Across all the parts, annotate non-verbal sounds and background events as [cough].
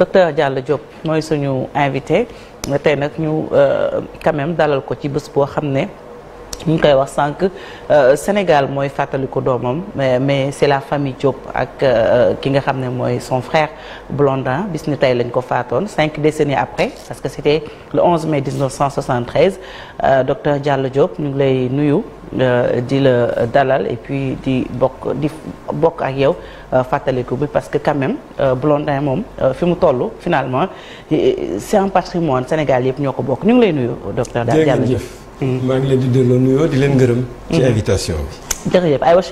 docteur jàll Diop mooy suñu invité tey nag ñu euh, quand même dalal ko ci bés boo xam ne ñu ngi koy wax sànq euh, Sénégal mooy fàttaliku doomam mais c'est la famille Diop ak euh, ki nga xam ne mooy son frère Blondin bis ni tey lañ ko faatoon cinq décennies après parce que c'était le 11 mai 1973 euh, docteur Diallo Diop ñu ngi lay nuyu di la dalal et puis di bokk di bokk ak yow fàttaliku bi parce que quand même Blondin moom fi mu toll finalement c'est un patrimoine Sénégal yëpp ñoo ko bokk ñu ngi lay nuyu docteur Diallo Diop maa ngi leen di delloo nuyoo di leen gërëm. ci mhm. invitation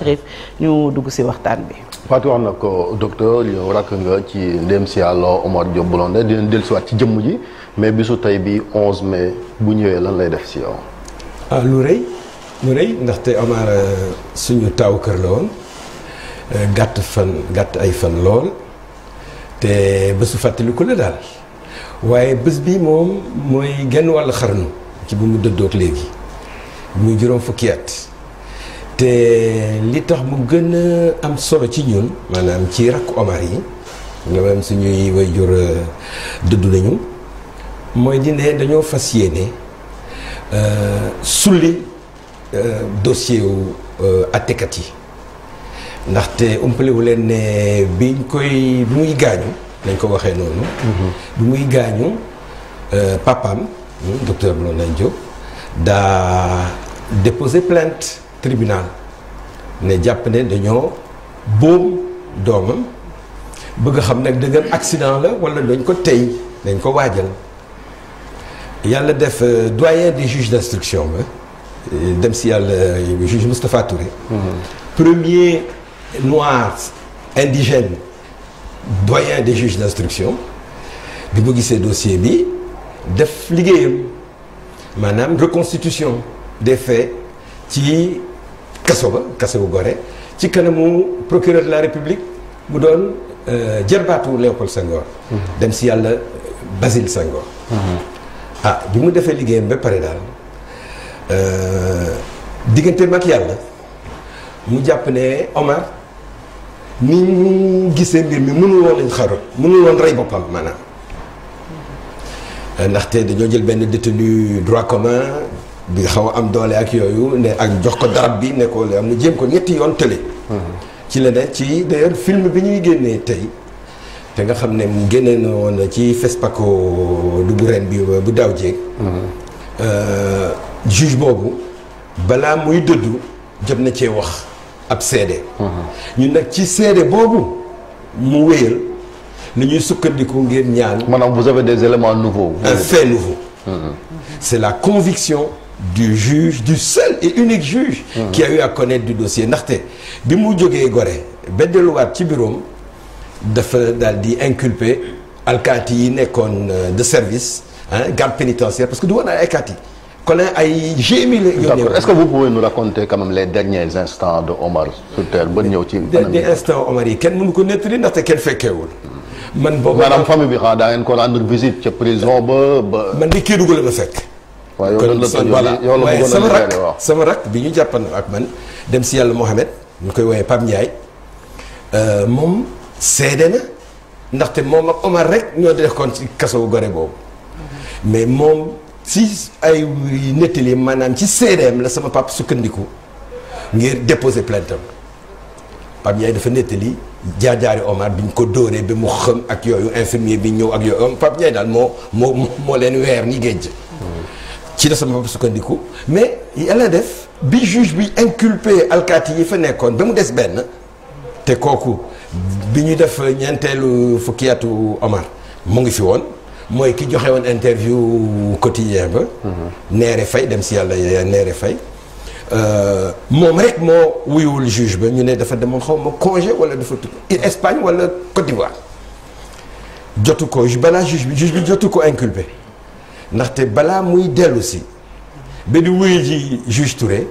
bi. ñu dugg si waxtaan bi. Fatou wax na ko docteur yow rakk nga ci ndem si yàlla Omar Diop Blondin dina dellusiwaat ci jëmm ji mais bisu tey bi 11 mai bu ñëwee lan lay def si yow. ah lu rëy lu rëy ndaxte Omar euh, suñu taaw kër la woon euh, gàtt fan gàtt ay fan lool te bésu fàttaliku la daal waaye bés bi moom mooy genn wàll xarnu. ci bu mu dëddoog léegi muy juróom fukki at te li tax mu gën a am solo ci ñun maanaam ci rakk Omar yi maanaam suñuy wayjur euh, dëddu nañu mooy dine dañoo fas yéene euh, sulli euh, dossier wu àttekat yi ndaxte umpalewu leen ne biñ koy bi muy gaañu dañ ko waxee noonu mm-hmm. bi muy gaañu papaam Mmh. docteur Blondin Diop daa déposé plainte tribunal ne jàpp ne dañoo boom doomam bëgg xam nag dëggan accident la wala dañ ko tey dañ ko waajal yàlla def euh, doyen des juges d'instruction ba euh, dem si yàlla euh, juge Moustapha Touré. Mmh. premier noir indigène doyen des juges d'instruction bi mu gisee dossier bi def liggéeyam maanaam reconstitution des faits ci kaso ba kaso bu Gorée ci kanamu procureur de la République bu doon euh, jarbaatu Léopold Senghor. Mm-hmm. dem si yàlla Basile Senghor. Mm-hmm. ah bi mu defee liggéeyam ba pare daal euh, digganteem ak yàlla mu jàpp ne Omar ni ñu gisee mbir mi mënul woon lañ xarot mënul woon rey boppam maanaam. ndaxte dañoo jël benn détenu droit commun bi xaw a am doole ak yooyu ne ak jox ko darab bi ne ko am na jéem ko ñetti yoon tële. ci la ne ci d'ailleurs film bi ñuy génnee tey te nga xam ne mu génne na woon ci FESPACO du bu bi bu daaw jéeg. Euh, juge boobu balaa muy dëddu jot na cee wax ab seede. Mhm. ñun nag ci seede boobu mu wéyal. ni ñuy sukkandiku ngeen ñaan. maanaam vous avez des éléments nouveaux. un fait nouveau. c'est la conviction du juge du seul et unique juge. qui a eu à connaître du dossier ndaxte bi mu jógee gore ba delluwaat ci bureau dafa daal di inculper alkaati yi nekkoon euh, de service ah garde pénitentiaire parce que du woon ay ay GMI la. d'accord est-ce que vous pouvez nous raconter quand même les derniers instants de Omar sur terre ñëw ci. derniers instants Omar yi kenn mënu ko nettali man boobu maanaam famille bi xaa daa ngeen ko rendre visite ca prison man di kii dugg la ma fekk. waaw yow la bëggoon waaye sama rak sama rak bi ñu jàppandoo ak man dem si yàlla Mohamed ñu koy woowee Pape Ndiaye euh, moom seede na ndaxte moom ak Omar rek ñoo nekkoon ci kaso gore boobu mais moom si ay nettali maanaam ci seedeem la sama pap sukkandiku ngir déposer plainte am Pape Ndiaye dafa nettali. jaajaari Omar biñ ko dóoree bi mu xëm ak yooyu infirmier bi ñëw ak yooyu Pape Ndiaye daal moo moo moo leen weer ni géej ci la sama sukkandiku mais yàlla def bi juge bi inculpé alkaati yi fa nekkoon ba mu des benn te kooku bi ñu def ñeenteelu fukki atu Omar mu ngi fi woon mooy ki joxewoon woon interview quotidien ba mhm. Neere Faye dem si yàlla Neere Faye Euh, moom rek moo wuyuwul juge ba ñu ne dafa demoon xaw ma congé wala dafa tukki Espagne wala Côte d'Ivoire jotu ko balaa juge bi juge bi jotu ko inculpé ndaxte balaa muy dellusi si ba di wuyu ji juge Touré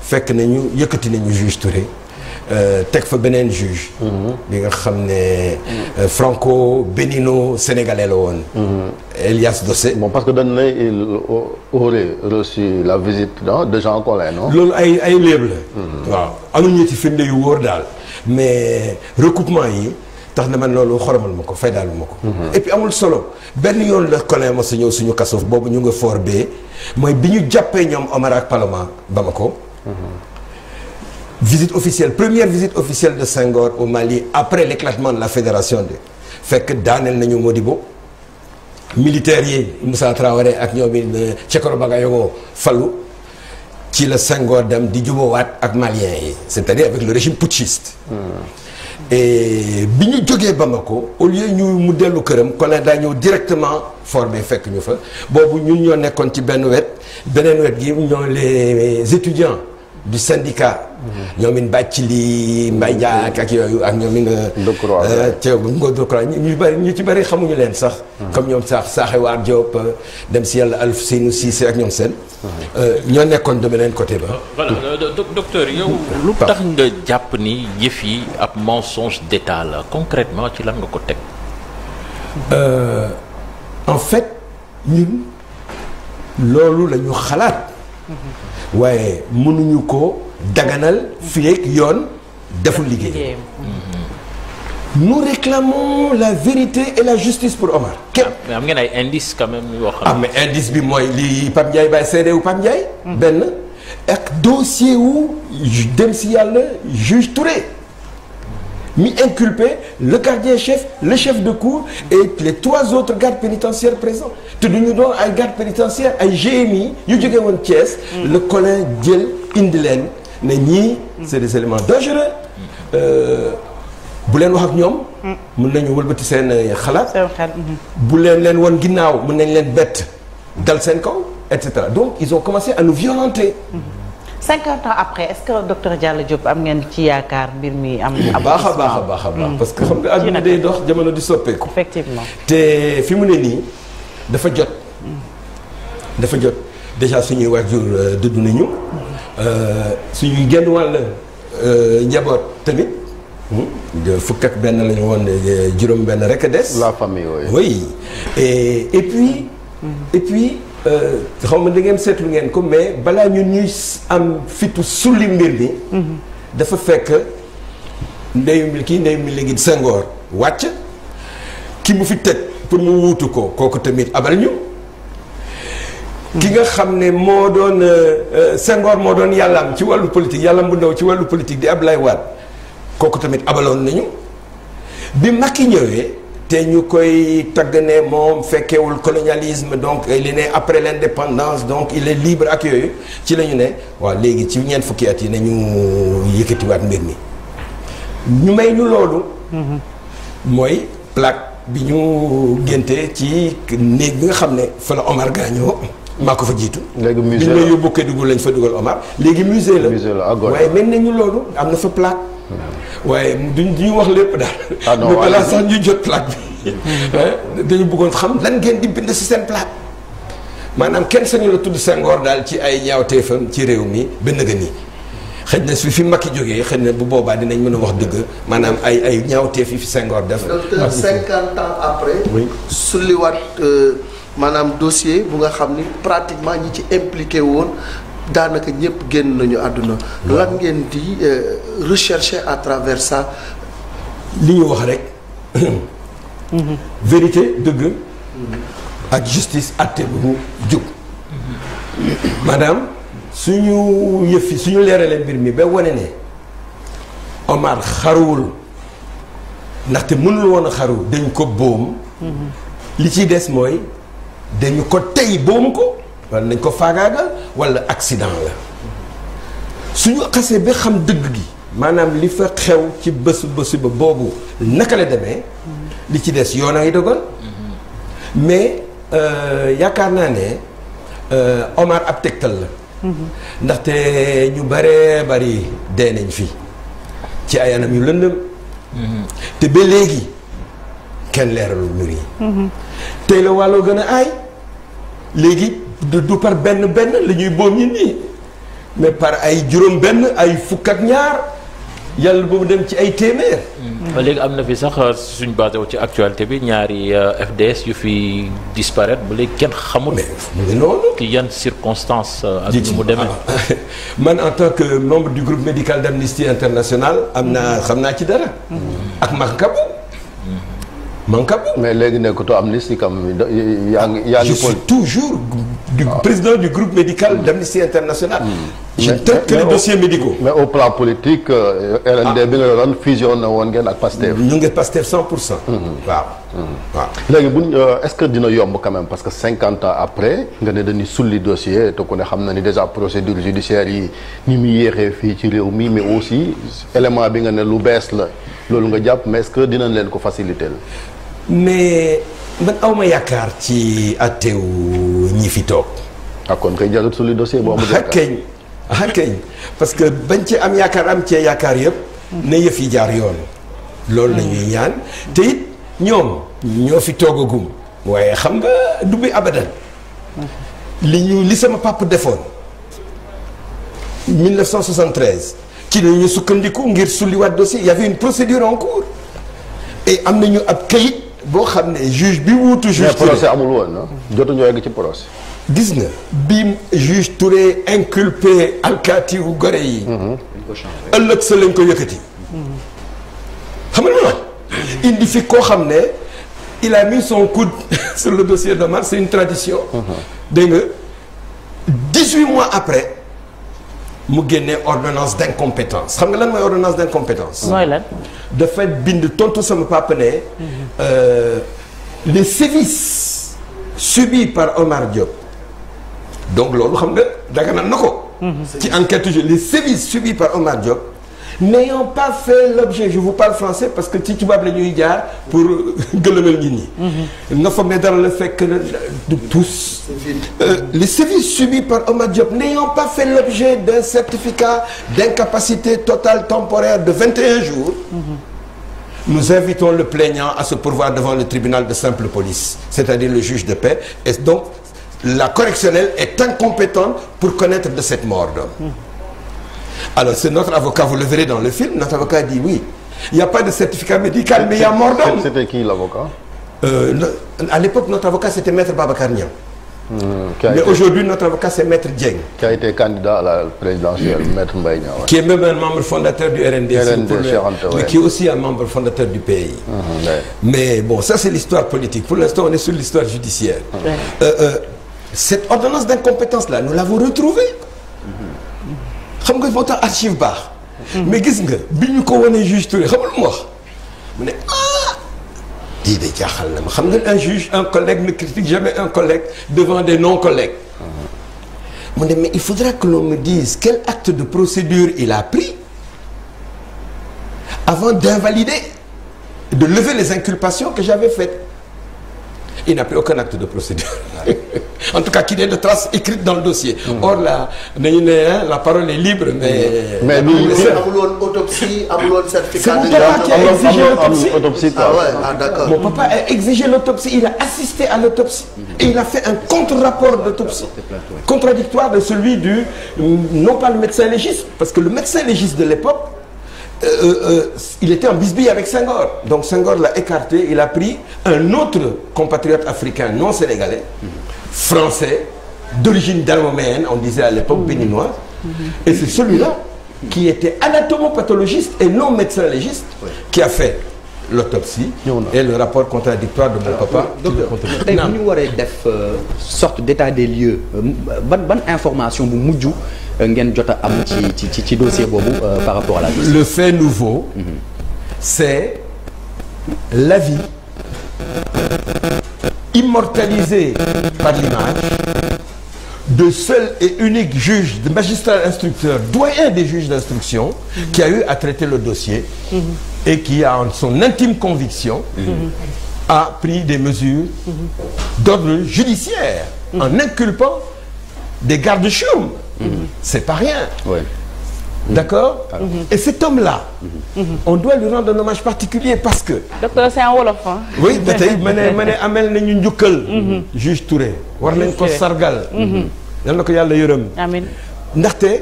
fekk nañu yëkkati nañu juge Touré. Euh, teg fa beneen juge. Mhm. bi nga xam ne. Euh, franco bénino sénégalais la woon. Mhm. Elias Dossé. bon parce que dañ na il aurait reçu la visite de Jean Collin non. loolu ay ay léeb la. Mhm. waaw amuñu ci finde yu wóor daal mais recoupement yi. tax na man loolu xoromal ma ko faydaalu ma ko et amul solo benn yoon la Collin ma sa ñëw suñu kaso boobu ñu nga foor bee mooy bi ñu jàppee ñoom Omar ak Paloma ko visite officielle première visite officielle de Senghor au Mali après l'éclatement de la fédération de fekk daaneel nañu Modibo militaires yi Moussa Traoré ak ñoom it euh, Cheikhoro Bagayoko fallu ci la Senghor dem di jubóowaat ak Maliens yi c'est-à-dire avec le régime putschiste. Hmm. bi ñu jógee Bamako au lieu ñu mu dellu këram Collin daa ñëw directement formé fekk ñu fa boobu ñun ñoo nekkoon ci benn wet beneen wet gi ñoo les étudiants. du syndicat. ñoom it bàcc lii mbay jaak ak yooyu ak ñoom it nga. Ndokro waaw euh, ñu bari ñu ci bari xamuñu leen sax. Mm-hmm. comme ñoom sax Saaxewaar Diop euh, dem si yàlla Alf Seynou Cissé ak ñoom seen. Mm-hmm. Euh, ñoo nekkoon de beneen côté ba. voilà docteur yow. lu tax nga jàpp ni yëf yi ab mensonge d'état la concrètement ci lan nga ko teg. en fait ñun loolu la xalaat. Mm-hmm. waaye mënuñu ko daganal fii ak yoon deful liggéey mm-hmm. nous réclamons la vérité et la justice pour Omar. képp ah, mais am ngeen ay indice quand même yoo xam. ah mais indice bi mooy lii Pape Ndiaye Baye seede wu Pape Ndiaye. Mm-hmm. benn ak dossier wu dem si yàlla juge Touré. m'y inculper le gardien-chef le chef de cour et les trois autres gardes pénitentiaires présents te duñu doon ay gardes pénitentiaires ay GMI yu jógee woon Thiès. Mm. le collin jël indi leen ne ñii c'est des éléments dangereux euh, bu leen wax ak ñoom mm. mën nañu wëlbati seen euh, xalaat mm-hmm. bu leen leen woon ginnaaw mën nañ leen bett dal seen kaw et cetera donc ils ont commencé à nous violenter mm-hmm. cinquante ans après est-ce que docteur Diallo am ngeen ci yaakaar mbir mi am. am baax a baax a baax a baax hmm. parce que xam nga àdduna day dox jamono di soppeeku. effectivement te fi mu ne nii dafa jot. Hmm. dafa jot déjà suñuy waajur euh, dëdd nañu. Hmm. Euh, suñuy genn wàll euh, njaboot tamit. fukk ak benn lañu woon juróom benn rek a des. la famille et puis. et puis. Euh, xaw ma da ngeen seetlu ngeen ko mais balaa ñun ñuy am fitu sulli mbir mi. dafa fekk ndeyu kii ndeyu mi léegi Senghor wàcc ki mu fi teg pour mu wuutu ko kooku tamit abal ñu. ki nga xam ne moo doon euh, euh, sengoor moo doon yàllaam ci wàllu politique yàllaam bu ndaw ci wàllu politique di Ablaye Wade kooku tamit abaloon nañu bi ki ñëwee. te ñu koy tagg ne moom fekkewul colonialisme donc li ne né après l'indépendance donc il est libre ak yooyu ci la ñu ne waaw léegi ci ñeent fukki at yi nañu yëkkatiwaat mbir mi ñu may ñu loolu mm-hmm. mooy plaque bi ñu géntee ci néeg bi nga xam ne fa la Omar gaañoo maa ko fa jiitu. léegi musée la bi ñu may yóbbu Kédougou lañ fa dugal Omar léegi musée la. musée la waaye mel nañu loolu am na fa plaque. waaye duñ duñu wax lépp daal. Ah, [laughs] mais balaa sax ñu jot plaque bi. [laughs] Eh, dañu bëggoon xam lan ngeen di bind si seen plaque. maanaam kenn sañu la tudd Senghor daal ci ay ñaawteefam ci réew mi ba nga nii xëj na su fi mag Macky jógee xëj na bu boobaa dinañ mën a wax dëgg maanaam ay ay ñaawteef yi fi Senghor def. docteur cinquante ans après. oui sulliwaat euh, maanaam dossier bu nga xam ni pratiquement ñi ci impliqué woon daanaka ñëpp génn nañu àdduna lan ngeen di euh, rechercher à travers ça li ñu wax rek mhm. vérité dëgg mhm. ak justice atte bu jub maanaam suñu yëfi suñu leeralee mbir mi ba wane ne Omar xaruwul ndaxte mënul woon a xaru dañ ko boom mhm. li ci des mooy dañu ko tey boom ko wala nañ ko faagaagal wala accident la suñu xasee ba xam dëgg gi maanaam li fa xew ci bés bés ba boobu naka la demee mm-hmm. li ci des yoon a ngi dogal mm-hmm. mais euh, yaakaar naa ne euh, Omar ab tegtal la mm-hmm. ndaxte ñu bare bari dee nañ fi ci ay yu lëndëm te ba léegi kenn leeralul mbir tey la wàlloo gën a aay léegi du par benn benn la ñuy boom ñi nii mais par ay juróom benn ay fukk ñaar yàlla boobu dem ci ay téeméer. Mm. léegi am na fi sax euh, suñ basé ci actualité bi ñaari euh, FDS yu fi disparaître ba léegi kenn xamul. mais loolu. ci yan circonstances. Euh, ak nu mu demee ah, ah. [laughs] man en tant que membre du groupe médical d'Amnesty International am na xam naa ci dara. Mm. ak Makabu. man kam mais léegi nekkatoo amnistie kam yaa ngi yaa ngi. je suis toujours du ah. président du groupe médical mm. d'Amnesty International. Mm. je traite que les dossiers médicaux. mais au plan politique. Euh, RND ah. bi nga yoroon fusion na woon ngeen ak Pastef. ñu ngi Pastef 100 pour cent. Mm-hmm. waaw mm-hmm. waaw. léegi buñ euh, est-ce que dina yomb quand parce que 50 ans après nga ne dañuy sulli dossier te ku ne xam na ni déjà procédure judiciaire yi ni muy yéexee fii ci réew mi mais aussi élément bi nga ne lu bees la loolu nga jàpp mais est-ce que dinañ leen ko faciliter. mais man awma yaakaar ci atteew ñi fi toog. ah kon kay jàllale suñu dossier boo amul [laughs] yaakaar keñ ah parce que bañ ci am yaakaar am cee yaakaar yëpp. na yëf yi jaar yoon. loolu la ñuy ñaan te it ñoom ñoo fi toogagum waaye xam nga du bi abadan. li ñu li sama papa defoon 1973 ci la ñu sukkandiku ngir sulliwaat dossier y avait une procédure en cours et am nañu ab kayit. boo xam ne juge bi wuutu. juge Touré amul woon ah. jotuñu ci procès. gis nga bi juge Touré inculpé alkaati wu gore yi. Mhm. ëllëg sa lañ ko yëkkati. xam nga ma indi fi koo xam ne il a mis son coude [laughs] sur le dossier de Omar c'est une tradition. Mhm. dégg nga dix-huit mois après. mu génnee ordonnance d'incompétence xam nga lan mooy ordonnance d'incompétence. mooy lan. dafa bind tontu sama papa ne. Euh, les subis par Omar Diop. donc loolu xam nga daganal na ko. Mhm. ci enquête toujours les sévices subis par Omar Diop. n'ayant pas fait l'objet je vous parle français parce que ci tubaab la ñuy jaar pour [laughs] gëlëmal nit ñi nga foog ne dara la fekk na du tous euh, les sévices subis par Omar Diop n'ayant pas fait l'objet d'un certificat d'incapacité totale temporaire de 21 jours mhm. nous invitons le plaignant à se pourvoir devant le tribunal de simple police c'est-à-dire le juge de paix et donc la correctionnelle est incompétente pour connaître de cette mort Alors c'est notre avocat, vous le verrez dans le film, notre avocat dit oui. Il n'y a pas de certificat médical, mais il y a mort d'homme. C'était qui l'avocat euh, À l'époque, notre avocat, c'était Maître Babacar Niang. Mmh, mais été... aujourd'hui, notre avocat, c'est Maître Dieng. Qui a été candidat à la présidentielle, [clears throat] Maître Mbaye Niang. Ouais. Qui est même un membre fondateur du RNDC, RND, le... mais qui est aussi un membre fondateur du pays. Mmh, ouais. Mais bon, ça c'est l'histoire politique. Pour l'instant, on est sur l'histoire judiciaire. Mmh. Euh, euh, cette ordonnance d'incompétence-là, nous l'avons retrouvée. xam nga boo tax archive baax. mais gis nga bi ñu ko wanee juge Touré xam nga lu mu wax mu ne ah. lii de jaaxal na ma xam nga un juge un collègue ne critique jamais un collègue devant des non collègues. mu ne mais il faudra que l'on me dise quel acte de procédure il a pris avant d'invalider de lever les inculpations que j'avais faites. il n'a pris aucun acte de procédure [laughs] en tout cas qu'il y ait de traces écrites dans le dossier hmm. or la nañu ne la parole est libre mais hmm. mais amul woon autopsie amul woon certificat de autopsie autopsie ah ouais ah d'accord mon papa a exigé l'autopsie il a assisté à l'autopsie hmm. et il a fait un contre-rapport ah, d'autopsie contradictoire de celui du euh, non pas le médecin légiste parce que le médecin légiste de l'époque Euh, euh, euh, il était en bisbille avec Senghor donc Senghor l'a écarté il a pris un autre compatriote africain non sénégalais français d'origine daloméenne on disait à l'époque mmh. béninoise mmh. et c'est celui-là qui était anatomopathologiste et non médecin légiste qui a fait l'autopsie et le rapport contradictoire de mon Alors, papa. docteur tey bu ñu waree euh, sorte d'état des lieux euh, ban ban information bu mujj euh, ngeen jot a am ci ci ci dossier boobu par rapport à la le fait nouveau. Mm -hmm. c'est l'avis immortalisé par l'image de seul et unique juge de magistrat instructeur doyen des juges d'instruction. Mhm. qui a eu à traiter le dossier. Mhm. et qui a en son intime conviction mhm. a pris des mesures mhm. d'ordre judiciaire mhm. en inculpant des gardes-choum c'est pas rien ouais. D'accord mm-hmm. Et cet homme-là, mm-hmm. on doit lui rendre un hommage particulier parce que. docteur c'est un wolof hein. oui ba tey ma ne ma ne [laughs] amel nañu njukkal. juge Touré war nañ ko sargal. yal na ko yàlla yërëm. amiin ndaxte.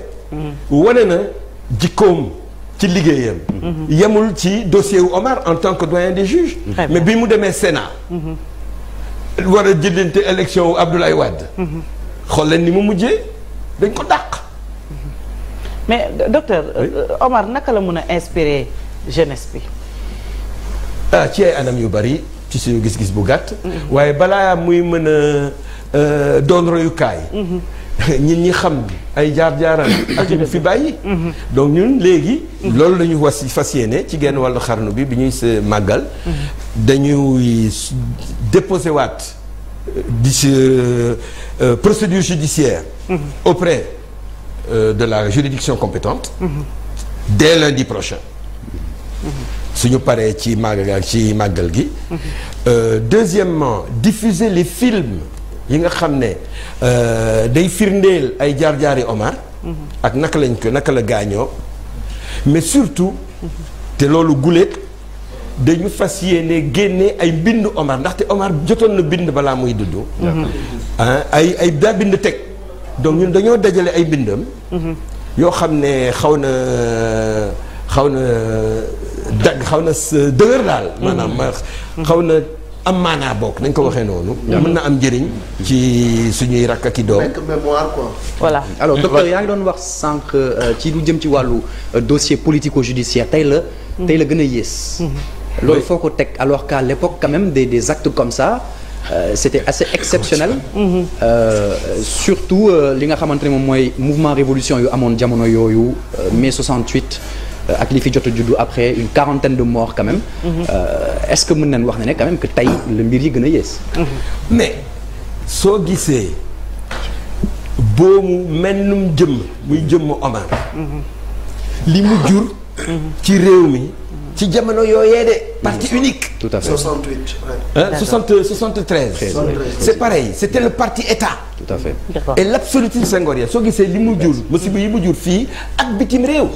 wane na jikkoom. ci liggéeyam. yemul ci dossier wu Omar en tant que doyen des juges. mais bi mu demee Sénat. war a jëndante élection wu Abdoulaye Wade. xool leen ni mu mujjee dañ ko dàq. mais docteur euh, Omar naka la mën a inspiré jeunesse bi. ah ci ay anam yu bari ci su gis-gis bu gàtt. Mm-hmm. waaye balaa muy mën a euh, don royukaay. Mm-hmm. [laughs] ñun ñi xam ay jaar-jaaram ak ñu fi bàyyi donc ñun léegi loolu lañuy was fas yéene ci genn wàllu xarnu bi bi ñuy sa màggal dañuy déposé waat euh, di euh, procédure judiciaire auprès euh, de la juridiction compétente dès lundi prochain suñu paree ci màggal ci màggal gi deuxièmement diffuser les films yi nga xam ne euh, day firndeel ay jaar-jaari Omar. ak naka lañ ko naka la gaañoo. mais surtout. te loolu guléet dañu fas yéene génne ay bind Omar ndaxte Omar jotoon na bind balaa muy dudd. ay ay daa bind teg. donc ñun dañoo dajale ay mbindam. yoo xam ne xaw na xaw na dagg xaw na dëgër daal. maanaam mm-hmm. xaw na. am maanaa bokk nañ ko waxee noonu. mën na am njëriñ. ci suñuy rakk ak i doom. mémoire quoi. alors docteur yaa ngi doon wax sànq euh, ci lu jëm ci wàllu euh, dossier politico-judiciaire tey la. Mhm. tey la gën a yées. Mhm. loolu foo ko teg alors qu'à l'époque quand même des des actes comme ça. Euh, c'était assez exceptionnel euh, euh, surtout euh, li nga xamante ne moom mooy mouvement révolution yu amoon jamono yooyu mai 68 Euh, ak li fi jot a juddu après une quarantaine de morts quand même. Euh, est-ce que mën nañ wax na ne quand même que tey la mbir yi gën a yées. mais soo gisee boomu mel num jëmm muy jëmm Omar. li mu jur. ci réew mi. ci jamono yooyee de. parti unique. tout à fait 68. ah 60 73. c'est pareil soo gisee li mu jur musiba yi mu jur fii ak bitim réew.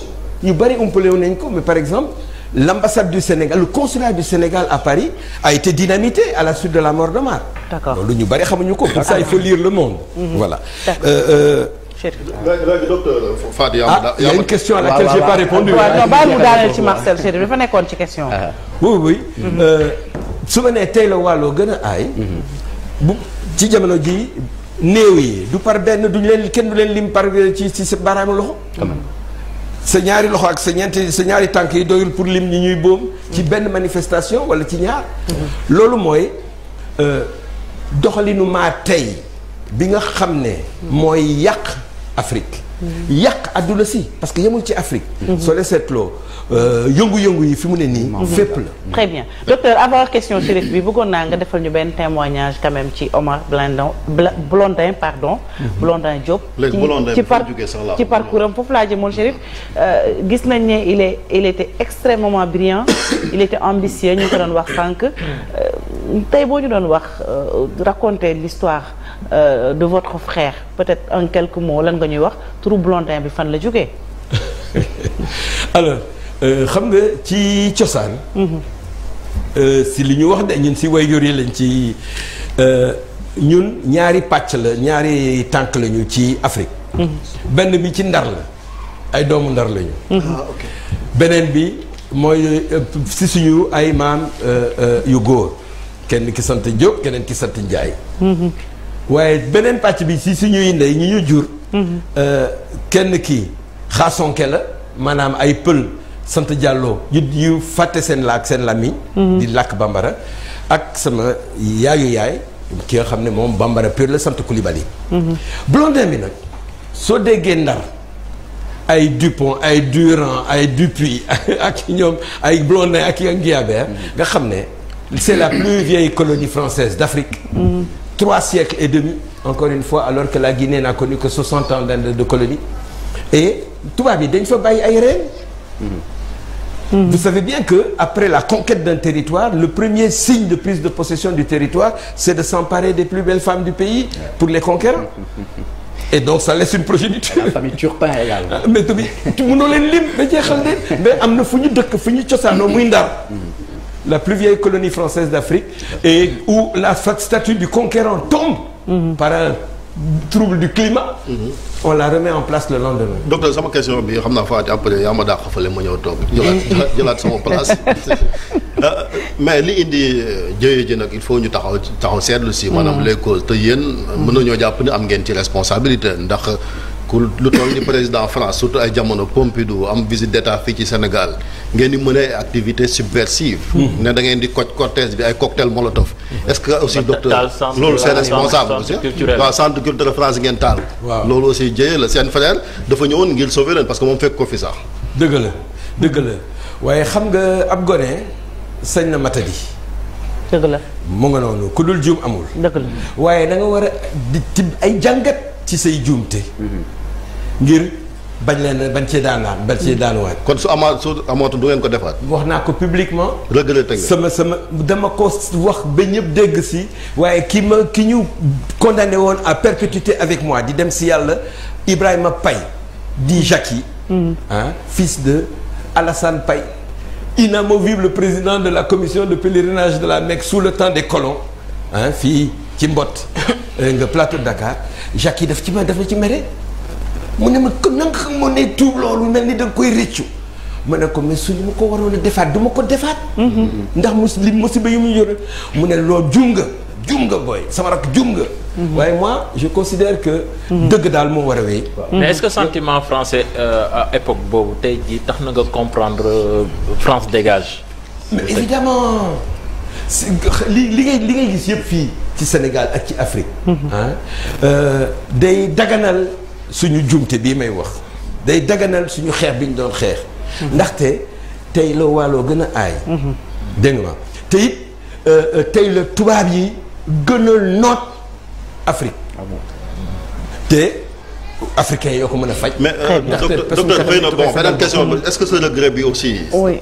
ñu bëri umpale nañ ko mais par exemple l'ambassade du Sénégal le consulat du Sénégal à Paris a te dynamité à la suite de la mort de Mar. d'accord loolu ñu bëri xamuñu ko. pour ça il faut lire Le Monde. voilà. Euh, euh, léegi docteur ah, question à laquelle j'ai pas répondu. ci Marcel Chérif dafa ci question ah. oui mhm. euh, su ma nee tey la wàlloo gën a aay. Mhm. bu ci jamono ji néew yi du par benn duñ leen kenn du leen lim par ci ci sa baaraamu loxo. sa ñaari loxo ak sa ñeenti sa ñaari tànk yi doyul pour lim ñi ñuy boom ci benn manifestation wala ci ñaar loolu mooy euh, doxalinu maa tey bi nga xam ne mooy yàq Afrique yàq àdduna si parce que yemul ci Afrique. soo dee seetloo euh, yëngu-yëngu yi fi mu ne nii. fépp la très bien docteur avant question Chérif bi bëggoon naa nga defal ñu benn témoignage quand même ci Omar Blondin Blondin pardon. Mhm. Blondin Diop. léegi Blondin ci par ci parcours am foofu laa jëmoon Chérif euh, gis nañ ne il est il était extrêmement brillant [coughs] il était ambitieux ñu ko doon wax sànq euh, tey boo ñu doon wax raconter l'histoire Euh, de votre frère peut-être en quelques mots lan nga ñuy wax turu Blondin bi fan la jógee. [laughs] alors euh, xam nga ci cosaan. Mhm. Euh, si li ñu wax de ñun si waajur yi lañ ci ñun ñaari pàcc la ñaari tànk lañu ci Afrique. Mhm. benn bi ci ndar la ay doomu ndar lañu. Mhm. Ah, beneen bi mooy si suñu ay maam yu góor kenn ki sant Diop keneen ki sant waaye beneen pàcc bi si suñuy ndey ñi ñu jur. Mhm. Euh, kenn kii xaasonke la maanaam ay pël sant Diallo yu yu fàtte seen laak seen làmmiñ mhm. di làkk bambara ak sama yaayu yaay ki nga xam ne moom bambara pur la sant Coulibaly. Mhm. Blondin bi nag soo déggee ndar. ay Dupont ay duran ay Dupuis [laughs] ak ñoom ay Blondin ak Guillabert nga xam ne c'est la plus vieille colonie française d'Afrique. trois siècles et demi encore une fois alors que la Guinée n'a connu que 60 ans de, de colonie et tubaab yi dañ fa bàyyi ay reen hmm. vous savez bien que après la conquête d'un territoire le premier signe de prise de possession du territoire c'est de s'emparer des plus belles femmes du pays pour les conquérants et donc ça laisse une progéniture. la famille Turpin mais tamit mënoo leen lim mais am na fu ñu dëkk fu ñu cosaanoo muy ndar hmm. la plus vieille colonie française d'Afrique et où la statue du conquérant tombe mm -hmm. par un trouble du climat mm -hmm. on la remet en place le lendemain docteur sama question bi xam naa faati après yaa ma daa xafale ma ñëw toog jëlaat [laughs] jëlaat sama place [laughs] euh, mais li indi euh, jëye ji nag il faut ñu taxaw taxaw seetlu si mhm. maanaam les causes te yéen mhm. mën nañoo jàpp ne am ngeen ci responsabilité ndax ku lu toll ni président France surtout ay jamono Pompidou am visite d'état fii ci Sénégal ngeen di mën ay activité subversive hmm. ne da ngeen di koj cortège bi ay cocktail molotov est-ce que aussi docteur loolu c'est responsable aussi waaw centre culturel France ngeen taal loolu aussi jëye la seen frère dafa ñëwoon ngir sauver parce que moom fekk ko fi sax dëgg la dëgg la waaye xam nga ab gone sañ na matadi dëgg la mu nga noonu ku dul juum amul dëgg waaye da nga war a di ay jàngat ci say juumte mm-hmm. ngir bañ leen bañ cee daan bañ cee mm. daanuwaat. kon su amaat su amootu du ngeen ko defaat. wax naa ko publiquement. regretté nga sama sama dama ko wax ba ñëpp dégg si waaye ki ma ki ñu condamné woon à perpétuité avec moi di dem si yàlla Ibrahima pay di Jacky. ah mm. fils de Alassane Paye. inamovible président de la commission de pèlerinage de la Mecque sous le temps des colons fii ci Mbott [coughs] euh, nga plateau Dakar Jacky ci ma dafa ci mere. mu ne ma ko na nga xam moo ne tuub loolu mel ni da koy rëccu ma ne ko mais su li ma ko waroon a defaat du ma ko defaat ndax mos li musiba yu mu yore mu ne loolu juum nga juum nga booy sama rak juum waaye moi je considère que dëgg daal moo war a wéy mais est-ce que euh, boobu tey jii tax na nga comprendre euh, France dégage mais évidemment li li li ngay gis yëpp fii ci Sénégal ak ci Afrique mhm. euh, day daganal suñu jumte bii may wax day daganal suñu xeex bi ñu doon xeex ndaxte tey la wàlloo gën a aay dégg nga ma te euh, euh, tey la tubaab yi gën a noot Afrique ah te africain yoo ko mën a faj. mais euh, docteur xëy na bon beneen question bi est-ce que ce regret bi aussi. oui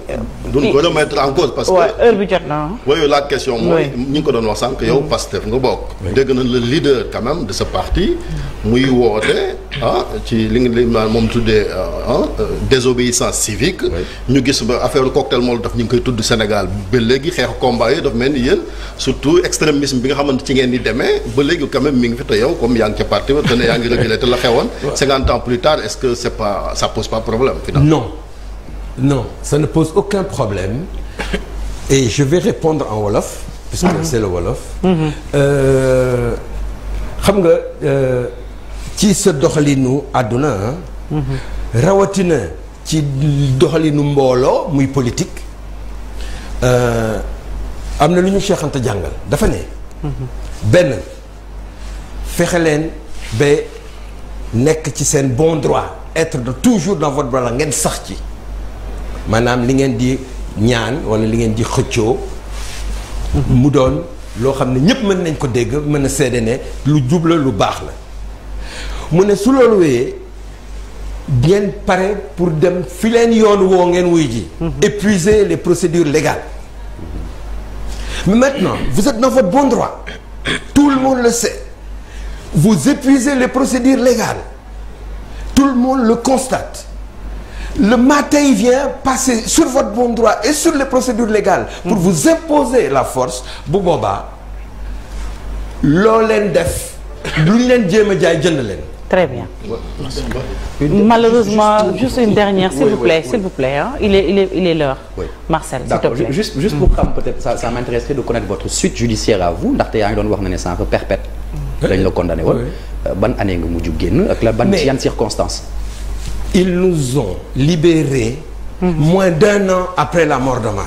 duñ euh, en cause. parce que waaw heure question mooy. ñu ngi ko doon wax sànq yow mm. Pastef nga bokk. dégg na le leader quand de ce parti. muy woote ah, ci li nga moom tuddee ah, ah désobéissance civique. ñu gis ba affaire cocktail Molotov ñu ngi koy tudd Sénégal ba léegi xeex combat yi daf mel ni yéen surtout extrémisme bi nga xamante ci ngeen di demee ba léegi quand même mi ne yaa ngi regretté personne. Ouais. 50 ans plus tard est-ce que c'est pas ça pas problème finalement. non non ça ne pose aucun problème et je vais répondre en wolof. parce que mhm. c'est le wolof. Mhm. Euh, xam nga euh, ci sa doxalinu àdduna mhm. rawatina ci doxalinu mbooloo muy politique euh, am na lu ñu seexante jàngal dafa ne. benn fexe leen ba. nekk ci seen bon droit être de toujours dans votre droit ngeen sax ci maanaam li ngeen di ñaan wala li ngeen di xëccoo. mu doon loo xam ne ñëpp mën nañ ko dégg mën a seede ne lu juble lu baax la mu ne su loolu wéyee ngeen pare pour dem fi leen yoon woo ngeen wuy ji. Mhm. épuiser les procédures légales. mais maintenant vous êtes dans votre bon droit tout le monde le vous épuisez les procédures légales tout le monde le constate le matin il vient passer sur votre bon droit et sur les procédures légales pour mmh. vous imposer la force bu boobaa loo leen def lu ñu leen a jaay jënd leen très bien malheureusement juste une dernière s'il oui, vous plaît oui, oui. s'il il est il Marcel s'il judiciaire à vous ndaxte yaa ngi doon wax na ne sànq perpète dañ la condamné woon euh, ban année nga mujju génn ak la ban ci yan circonstance ils nous ont libérés. Hmm. moins d'un an après la mort d'Omar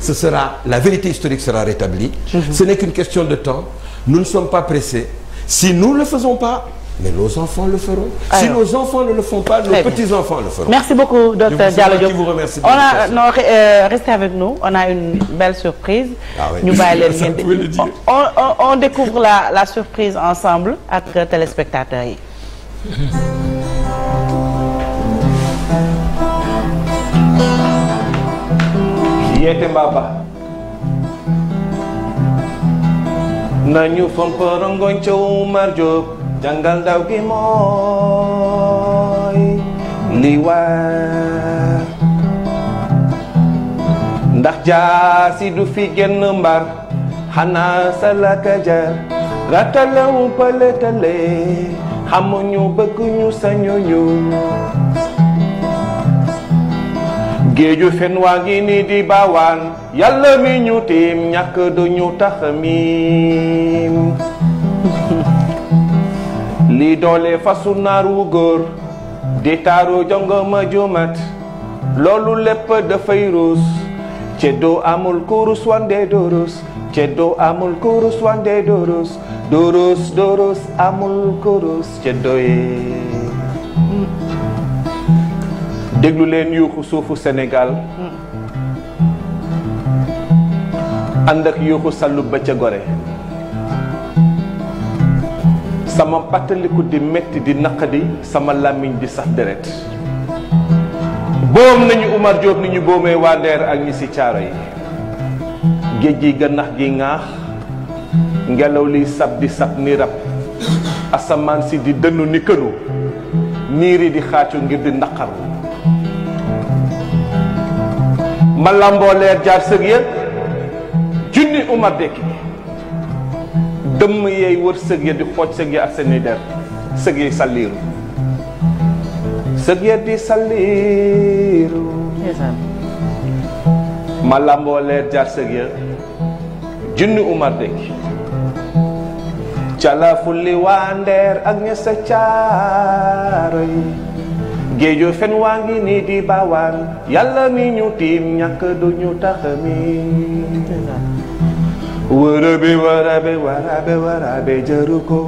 ce sera la vérité historique sera rétablie mmh. ce n'est qu'une question de temps nous ne sommes pas pressés si nous ne le faisons pas mais nos enfants le feront Alors, si nos enfants ne le font pas nos petits-enfants le feront merci beaucoup docteur Diallo Diop on a non euh, restez avec nous on a une belle surprise ah ñu bàyyi leen [laughs] ngeen on découvre la la surprise ensemble ak téléspectateurs yi [laughs] ñeete mbaaba nañu fomp rongoñ ca Umar Jóob jàngal ndaw gi mooy li ndax jaasi du fi genn mbar xanaa salaka jar ratalawu paletale xamuñu bëgguñu sañuñu géeju fen waa ngi ni di baawaan yàlla mi ñu tiim ñàkk duñu tax miim [laughs] lii doole fasu naar wu góor di taaru jongoma jumat loolu lépp dafay ruus do amul kurus wande durus ceddo amul kurus wande durus durus durus amul kurus ceddo yi déglu leen yuuxu suufu Sénégal ànd ak yuuxu sàllu ba ca gore sama pàttaliku di metti di naqadi sama làmmiñ di sax deret boom nañu Umar Diop ni ñu boomee waa Ndeer ak ñi ci caaro yi géej gi gànnax gi ŋaax ngelaw liy sab di sab ni rab asamaan si di dënnu ni kënu niir yi di xaacu ngir di naqaru ma lamboo leer jaar sëg ya junni umar dékki dëmm yeey wër sëg ya di xooj sëg ya ak seeni der sëg yi salliiru sëg ya di salliiru ma jaar sëg ya junni umar dékki calaa waa ndeer ak ña sa yi géejoo fen waa ngi nii di baawaan yàlla mi ñu tiim ñàkk du ñu tax a miin warabe warabe warabe warabe jaru ko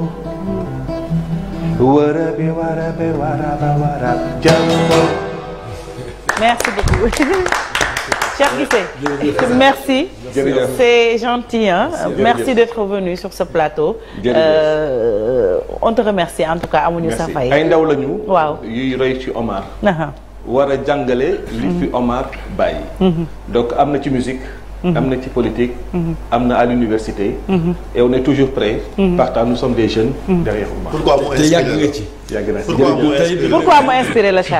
warabe warabe warabe warabe jaru ko merci beaucoup [laughs] Cheikh Guissé merci c'est gentil hein merci d'être venu sur ce plateau euh, on te remercie en tout cas amuñu sa fay ay ndaw lañu waaw yuy ci Omar war a jàngale li fi mhm. Omar bàyyi mhm. donc am na ci musique mhm. am na ci politique. am na à l'université. et on est toujours prêt. partant nous sommes des jeunes. derrière Omar. pourquoi mu inspiré la te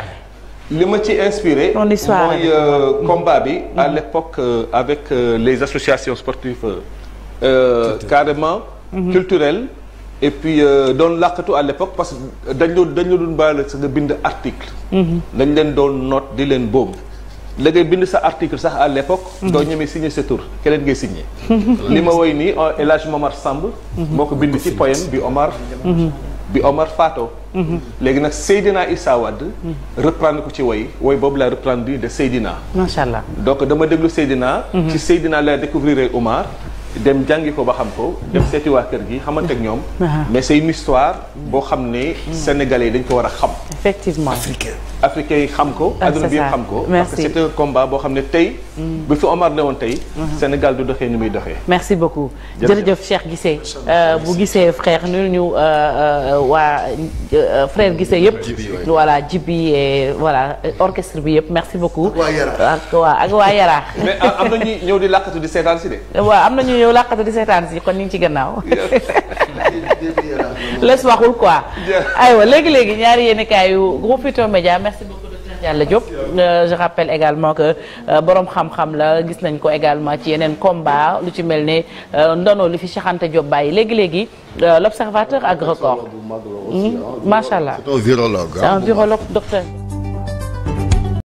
li ma ci inspiré. mooy euh, combat bi à l'époque euh, avec euh, les associations sportives carrément mhm. culturelles et puis doon làkkatu à l'époque parce que dañ doon dañ doon bàyyi la sa nga bind article mhm. dañ leen doon note di leen boom la bind sa article sax à l'époque mhm. doo ñemee signé sa tur keneen ngay signé [laughs] li ma woy nii El Hadj Momar Samb moo ko bind ci poème bi Omar bi Omar Fato Mm-hmm. léegi nag Seydina Issa Wade. Mm-hmm. reprendre ku ci woy woy boobu laa reprendre de Seydina. macha allah donc dama déglu Seydina. Mm-hmm. ci Seydina laa découvrir Omar. dem jàngi ko ba xam ko dem mm. seeti waa kër gi xamante ak ñoom mm. mais c'est boo xam ne mm. sénégalais yi dañ ko war a xam effectivement africain africain yi xam ko ah, adduna bi yëpp xam ko parce que boo xam ne tey bu fi Omar ne woon tey mm-hmm. Sénégal du doxee ni muy doxee merci beaucoup jërëjëf Cheikh Guissé euh, bu Guissé frère nul ñu euh, euh, waa frère Guissé yëpp voilà jibi yëpp merci beaucoup ak waa ak waa Yara mais am na ñuy ñëw di làkkatu di seetaan si de waaw am na ñu yow làqatu di seetaan si kon ñu ngi ci gannaaw. [laughs] les waxul quoi. aywa léegi léegi ñaari yéen kaayu groupe Futurs Médias merci beaucoup. Diallo Diop euh, je rappelle également que euh, borom xam-xam la gis nañ ko également ci yeneen combat lu ci mel ne euh, ndono li fi Cheikh Anta Diop bàyyi léegi léegi l'observateur ak record. macha allah c'est un virologue. Hmm? un virologue docteur.